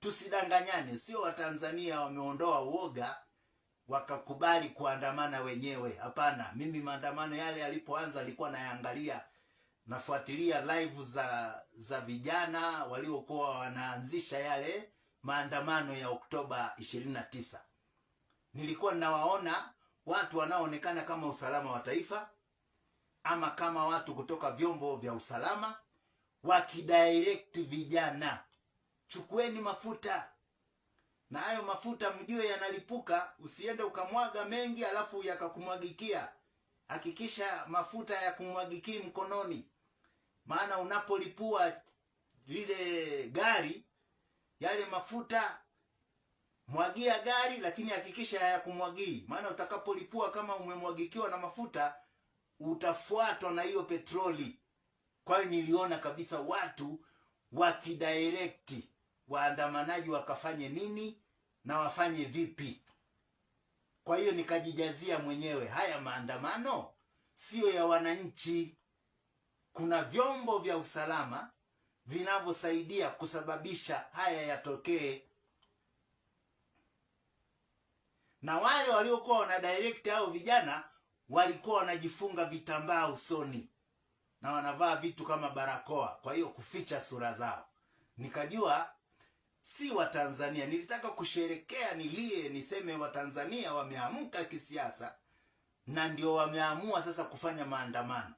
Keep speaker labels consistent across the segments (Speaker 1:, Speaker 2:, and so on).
Speaker 1: Tusidanganyane, sio Watanzania wameondoa uoga wakakubali kuandamana wenyewe. Hapana, mimi maandamano yale yalipoanza alikuwa nayaangalia, nafuatilia live za za vijana waliokuwa wanaanzisha yale maandamano ya Oktoba 29. Nilikuwa nawaona watu wanaoonekana kama usalama wa taifa ama kama watu kutoka vyombo vya usalama wakidirect vijana chukueni mafuta na hayo mafuta mjue yanalipuka. Usiende ukamwaga mengi alafu yakakumwagikia. Hakikisha mafuta yakumwagikii mkononi, maana unapolipua lile gari, yale mafuta mwagia gari, lakini hakikisha hayakumwagii, maana utakapolipua kama umemwagikiwa na mafuta utafuatwa na hiyo petroli. Kwa hiyo niliona kabisa watu wakidirekti waandamanaji wakafanye nini na wafanye vipi. Kwa hiyo nikajijazia mwenyewe, haya maandamano siyo ya wananchi. Kuna vyombo vya usalama vinavyosaidia kusababisha haya yatokee, na wale waliokuwa wana direct hao vijana walikuwa wanajifunga vitambaa usoni na wanavaa vitu kama barakoa, kwa hiyo kuficha sura zao. Nikajua si Watanzania. Nilitaka kusherekea, nilie, niseme Watanzania wameamka kisiasa na ndio wameamua sasa kufanya maandamano.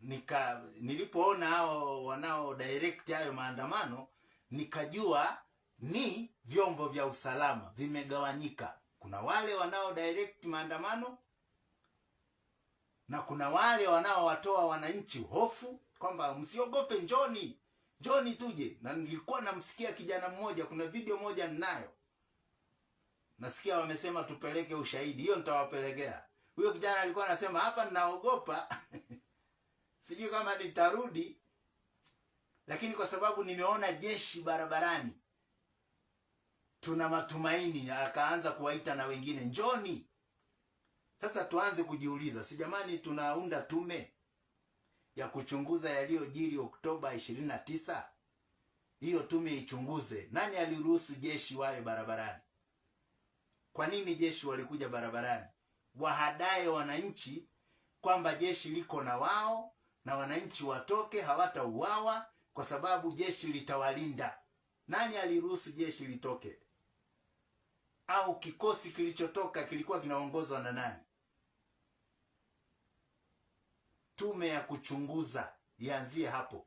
Speaker 1: Nika nilipoona hao wanao direct hayo maandamano, nikajua ni vyombo vya usalama vimegawanyika. Kuna wale wanao direct maandamano na kuna wale wanaowatoa wananchi hofu kwamba msiogope, njoni njoni tuje. Na nilikuwa namsikia kijana mmoja, kuna video moja ninayo, nasikia wamesema tupeleke ushahidi, hiyo nitawapelekea. Huyo kijana alikuwa anasema hapa ninaogopa sijui kama nitarudi, lakini kwa sababu nimeona jeshi barabarani tuna matumaini. Akaanza kuwaita na wengine njoni. Sasa tuanze kujiuliza, si jamani, tunaunda tume ya kuchunguza yaliyojiri Oktoba 29? Hiyo tume ichunguze, nani aliruhusu jeshi wawe barabarani? Kwa nini jeshi walikuja barabarani? Wahadaye wananchi kwamba jeshi liko na wao na wananchi watoke, hawatauawa kwa sababu jeshi litawalinda. Nani aliruhusu jeshi litoke? Au kikosi kilichotoka kilikuwa kinaongozwa na nani? tume ya kuchunguza ianzie hapo.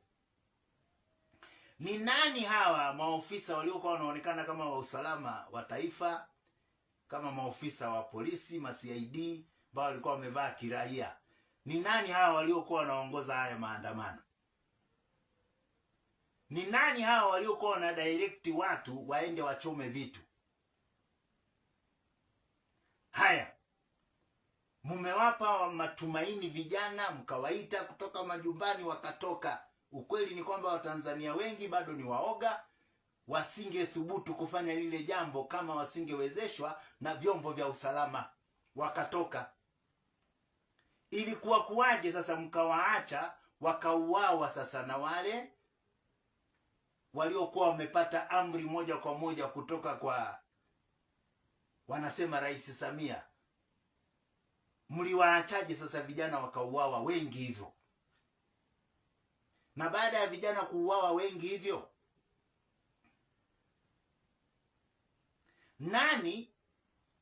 Speaker 1: Ni nani hawa maofisa waliokuwa wanaonekana kama wa usalama wa taifa, kama maofisa wa polisi ma CID ambao walikuwa wamevaa kiraia? Ni nani hawa waliokuwa wanaongoza haya maandamano? Ni nani hawa waliokuwa wana direct watu waende wachome vitu haya? mmewapa matumaini vijana, mkawaita kutoka majumbani wakatoka. Ukweli ni kwamba Watanzania wengi bado ni waoga, wasingethubutu kufanya lile jambo kama wasingewezeshwa na vyombo vya usalama, wakatoka. Ilikuwa kuwaje sasa mkawaacha wakauawa? Sasa na wale waliokuwa wamepata amri moja kwa moja kutoka kwa wanasema Rais Samia mliwaachaje sasa vijana wakauawa wengi hivyo? Na baada ya vijana kuuawa wengi hivyo, nani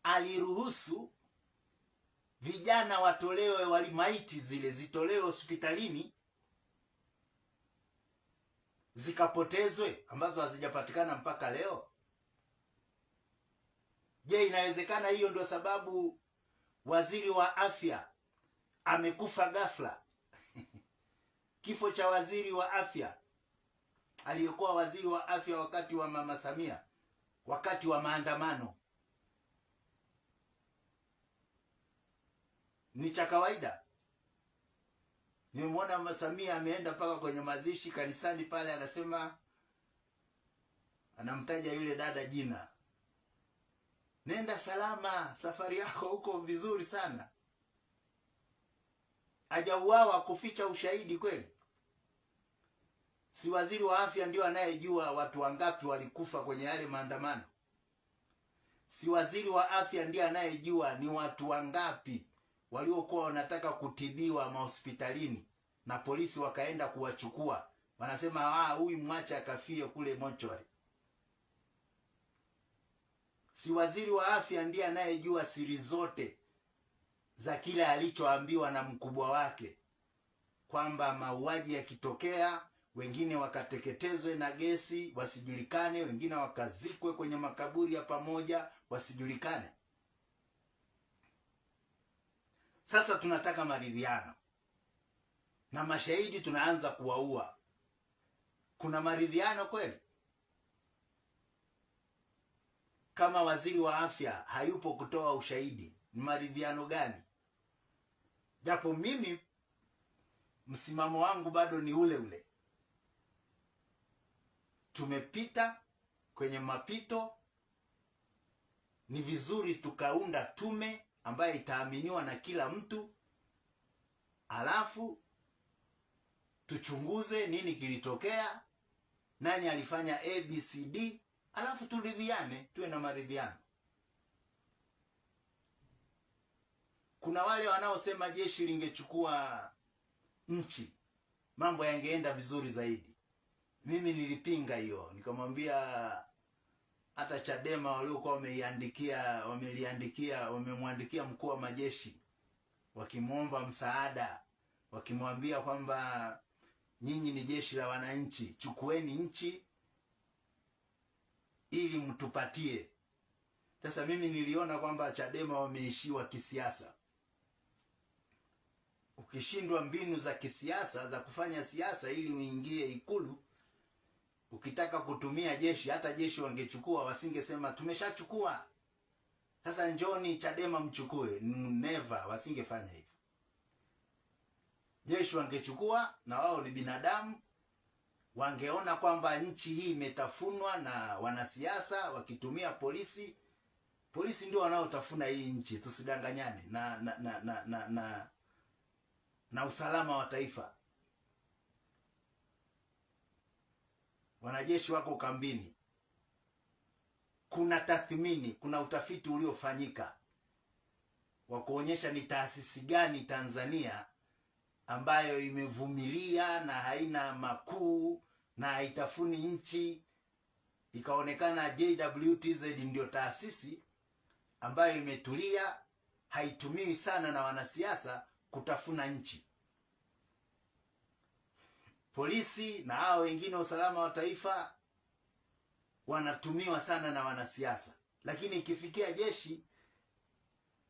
Speaker 1: aliruhusu vijana watolewe, wali maiti zile zitolewe hospitalini zikapotezwe, ambazo hazijapatikana mpaka leo? Je, inawezekana hiyo ndio sababu waziri wa afya amekufa ghafla kifo cha waziri wa afya aliyekuwa waziri wa afya wakati wa mama Samia, wakati wa maandamano ni cha kawaida. Nimemwona mama Samia ameenda mpaka kwenye mazishi kanisani pale, anasema, anamtaja yule dada jina nenda salama, safari yako huko vizuri sana. Ajauawa kuficha ushahidi kweli? Si waziri wa afya ndio anayejua watu wangapi walikufa kwenye yale maandamano? Si waziri wa afya ndiye anayejua ni watu wangapi waliokuwa wanataka kutibiwa mahospitalini na polisi wakaenda kuwachukua, wanasema ah, huyu mwache akafie kule mochwari. Si waziri wa afya ndiye anayejua siri zote za kile alichoambiwa na mkubwa wake kwamba mauaji yakitokea wengine wakateketezwe na gesi wasijulikane, wengine wakazikwe kwenye makaburi ya pamoja wasijulikane. Sasa tunataka maridhiano na mashahidi tunaanza kuwaua. Kuna maridhiano kweli? kama waziri wa afya hayupo kutoa ushahidi? Ni maridhiano gani? Japo mimi msimamo wangu bado ni ule ule, tumepita kwenye mapito. Ni vizuri tukaunda tume ambayo itaaminiwa na kila mtu, alafu tuchunguze nini kilitokea, nani alifanya ABCD alafu turidhiane, tuwe na maridhiano. Kuna wale wanaosema jeshi lingechukua nchi mambo yangeenda vizuri zaidi. Mimi nilipinga hiyo, nikamwambia hata Chadema waliokuwa wameiandikia wameliandikia wamemwandikia mkuu wa majeshi wakimwomba msaada, wakimwambia kwamba nyinyi ni jeshi la wananchi, chukueni nchi ili mtupatie. Sasa mimi niliona kwamba Chadema wameishiwa kisiasa. Ukishindwa mbinu za kisiasa za kufanya siasa ili uingie Ikulu, ukitaka kutumia jeshi, hata jeshi wangechukua wasingesema tumeshachukua, sasa njoni Chadema mchukue. Never, wasingefanya hivyo. Jeshi wangechukua, na wao ni binadamu wangeona kwamba nchi hii imetafunwa na wanasiasa wakitumia polisi. Polisi ndio wanaotafuna hii nchi, tusidanganyane na na, na, na, na, na na usalama wa taifa. Wanajeshi wako kambini, kuna tathmini, kuna utafiti uliofanyika wa kuonyesha ni taasisi gani Tanzania ambayo imevumilia na haina makuu na haitafuni nchi, ikaonekana JWTZ ndio taasisi ambayo imetulia, haitumiwi sana na wanasiasa kutafuna nchi. Polisi na hao wengine usalama wa taifa wanatumiwa sana na wanasiasa, lakini ikifikia jeshi,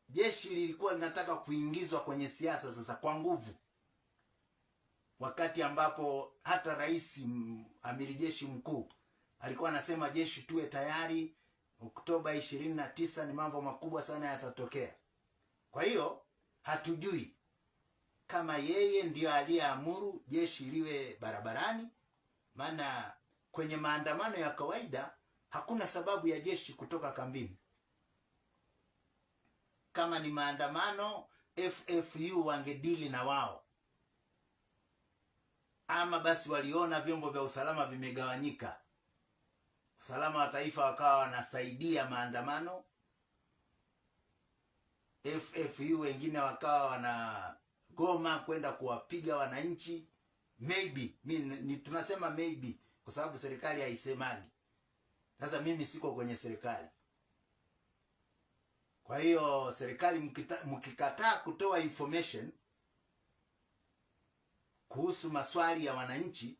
Speaker 1: jeshi lilikuwa linataka kuingizwa kwenye siasa sasa kwa nguvu wakati ambapo hata rais amiri jeshi mkuu alikuwa anasema jeshi tuwe tayari Oktoba ishirini na tisa ni mambo makubwa sana yatatokea. Kwa hiyo hatujui kama yeye ndiyo aliyeamuru jeshi liwe barabarani, maana kwenye maandamano ya kawaida hakuna sababu ya jeshi kutoka kambini. Kama ni maandamano, FFU wangedili na wao ama basi waliona vyombo vya usalama vimegawanyika, usalama wa taifa wakawa wanasaidia maandamano, FFU wengine wakawa wanagoma kwenda kuwapiga wananchi. Maybe ni tunasema maybe kwa sababu serikali haisemagi. Sasa mimi siko kwenye serikali, kwa hiyo serikali mkikataa kutoa information kuhusu maswali ya wananchi,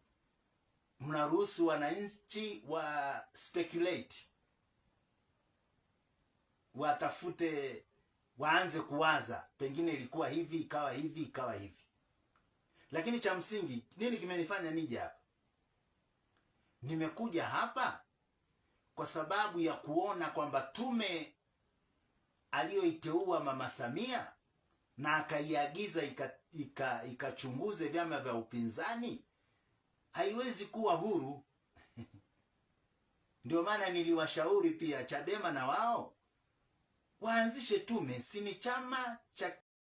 Speaker 1: mnaruhusu wananchi wa speculate, watafute, waanze kuwaza, pengine ilikuwa hivi ikawa hivi ikawa hivi. Lakini cha msingi, nini kimenifanya nije hapa? Nimekuja hapa kwa sababu ya kuona kwamba tume aliyoiteua Mama Samia na akaiagiza ikachunguze ika, ika vyama vya upinzani, haiwezi kuwa huru. Ndio maana niliwashauri pia Chadema na wao waanzishe tume, si ni chama